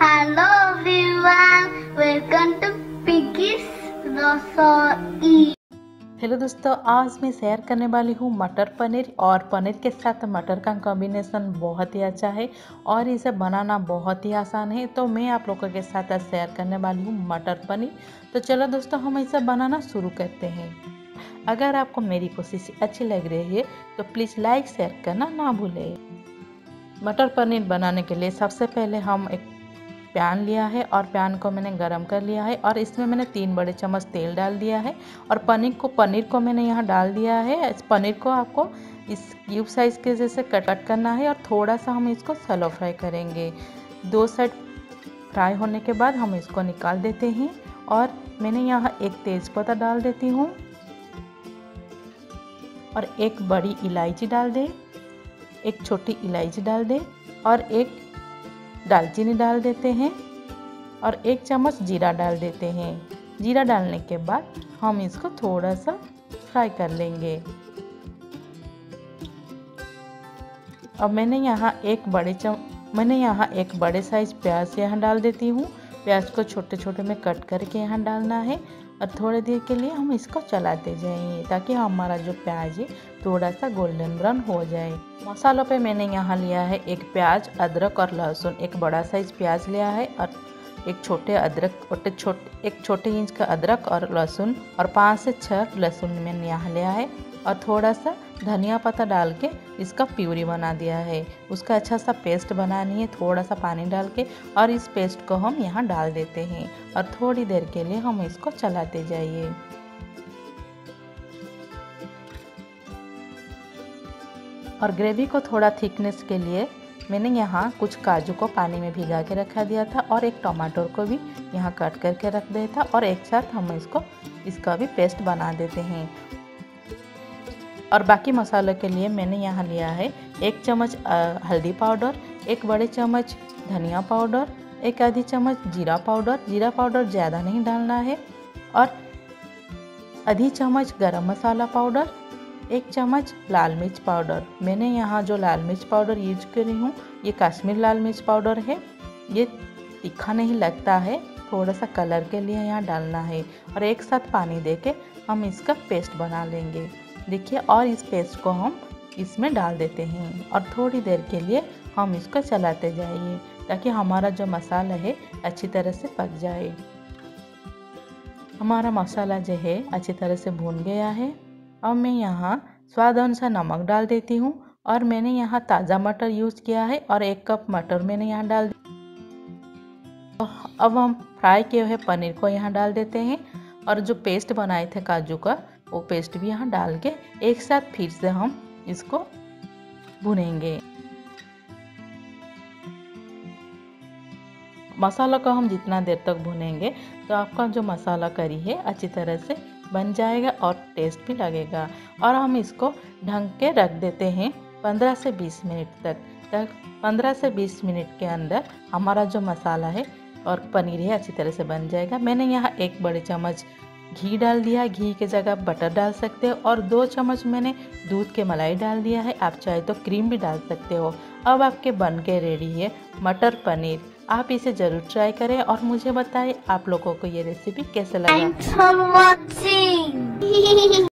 Hello everyone, welcome to Piggy's Rosoi. Hello दोस्तों आज मैं शेयर करने वाली हूँ मटर पनीर और पनीर के साथ मटर का कॉम्बिनेशन बहुत ही अच्छा है और इसे बनाना बहुत ही आसान है तो मैं आप लोगों के साथ शेयर करने वाली हूँ मटर पनीर तो चलो दोस्तों हम इसे बनाना शुरू करते हैं अगर आपको मेरी कोशिश अच्छी लग रही है तो प्लीज़ लाइक शेयर करना ना भूलें मटर पनीर बनाने के लिए सबसे पहले हम एक पैन लिया है और पैन को मैंने गरम कर लिया है और इसमें मैंने तीन बड़े चम्मच तेल डाल दिया है और पनीर को पनीर को मैंने यहाँ डाल दिया है इस पनीर को आपको इस क्यूब साइज़ के जैसे कट कट करना है और थोड़ा सा हम इसको सलो फ्राई करेंगे दो साइड फ्राई होने के बाद हम इसको निकाल देते हैं और मैंने यहाँ एक तेज़पत्ता डाल देती हूँ और एक बड़ी इलायची डाल दें एक छोटी इलायची डाल दें और एक दालचीनी डाल देते हैं और एक चम्मच जीरा डाल देते हैं जीरा डालने के बाद हम इसको थोड़ा सा फ्राई कर लेंगे अब मैंने यहाँ एक बड़े चम मैंने यहाँ एक बड़े साइज प्याज यहाँ डाल देती हूँ प्याज को छोटे छोटे में कट करके यहाँ डालना है और थोड़ी देर के लिए हम इसको चलाते जाएंगे ताकि हमारा जो प्याज है थोड़ा सा गोल्डन ब्राउन हो जाए मसालों पे मैंने यहाँ लिया है एक प्याज अदरक और लहसुन एक बड़ा साइज प्याज लिया है और एक छोटे अदरक और छोटे एक छोटे इंच का अदरक और लहसुन और पाँच से छह लहसुन मैंने यहाँ लिया है और थोड़ा सा धनिया पत्ता डाल के इसका प्यूरी बना दिया है उसका अच्छा सा पेस्ट बनानी है थोड़ा सा पानी डाल के और इस पेस्ट को हम यहाँ डाल देते हैं और थोड़ी देर के लिए हम इसको चलाते जाइए और ग्रेवी को थोड़ा थिकनेस के लिए मैंने यहाँ कुछ काजू को पानी में भिगा के रखा दिया था और एक टमाटर को भी यहाँ कट करके रख दिया था और एक साथ हम इसको इसका भी पेस्ट बना देते हैं और बाकी मसालों के लिए मैंने यहाँ लिया है एक चम्मच हल्दी पाउडर एक बड़े चम्मच धनिया पाउडर एक आधी चम्मच जीरा पाउडर जीरा पाउडर ज़्यादा नहीं डालना है और आधी चम्मच गरम मसाला पाउडर एक चम्मच लाल मिर्च पाउडर मैंने यहाँ जो लाल मिर्च पाउडर यूज करी हूँ ये कश्मीर लाल मिर्च पाउडर है ये तीखा नहीं लगता है थोड़ा सा कलर के लिए यहाँ डालना है और एक साथ पानी दे के हम इसका पेस्ट बना लेंगे देखिए और इस पेस्ट को हम इसमें डाल देते हैं और थोड़ी देर के लिए हम इसको चलाते जाइए ताकि हमारा जो मसाला है अच्छी तरह से पक जाए हमारा मसाला जो है अच्छी तरह से भून गया है अब मैं यहाँ स्वाद अनुसार नमक डाल देती हूँ और मैंने यहाँ ताज़ा मटर यूज़ किया है और एक कप मटर मैंने यहाँ डाल तो अब हम फ्राई किए हुए पनीर को यहाँ डाल देते हैं और जो पेस्ट बनाए थे काजू का वो पेस्ट भी यहाँ डाल के एक साथ फिर से हम इसको भुनेंगे मसाला को हम जितना देर तक भुनेंगे तो आपका जो मसाला करी है अच्छी तरह से बन जाएगा और टेस्ट भी लगेगा और हम इसको ढंग के रख देते हैं 15 से 20 मिनट तक तक 15 से 20 मिनट के अंदर हमारा जो मसाला है और पनीर है अच्छी तरह से बन जाएगा मैंने यहाँ एक बड़े चम्मच घी डाल दिया घी के जगह बटर डाल सकते हो और दो चम्मच मैंने दूध के मलाई डाल दिया है आप चाहे तो क्रीम भी डाल सकते हो अब आपके बन के रेडी है मटर पनीर आप इसे ज़रूर ट्राई करें और मुझे बताएं आप लोगों को ये रेसिपी कैसे लगा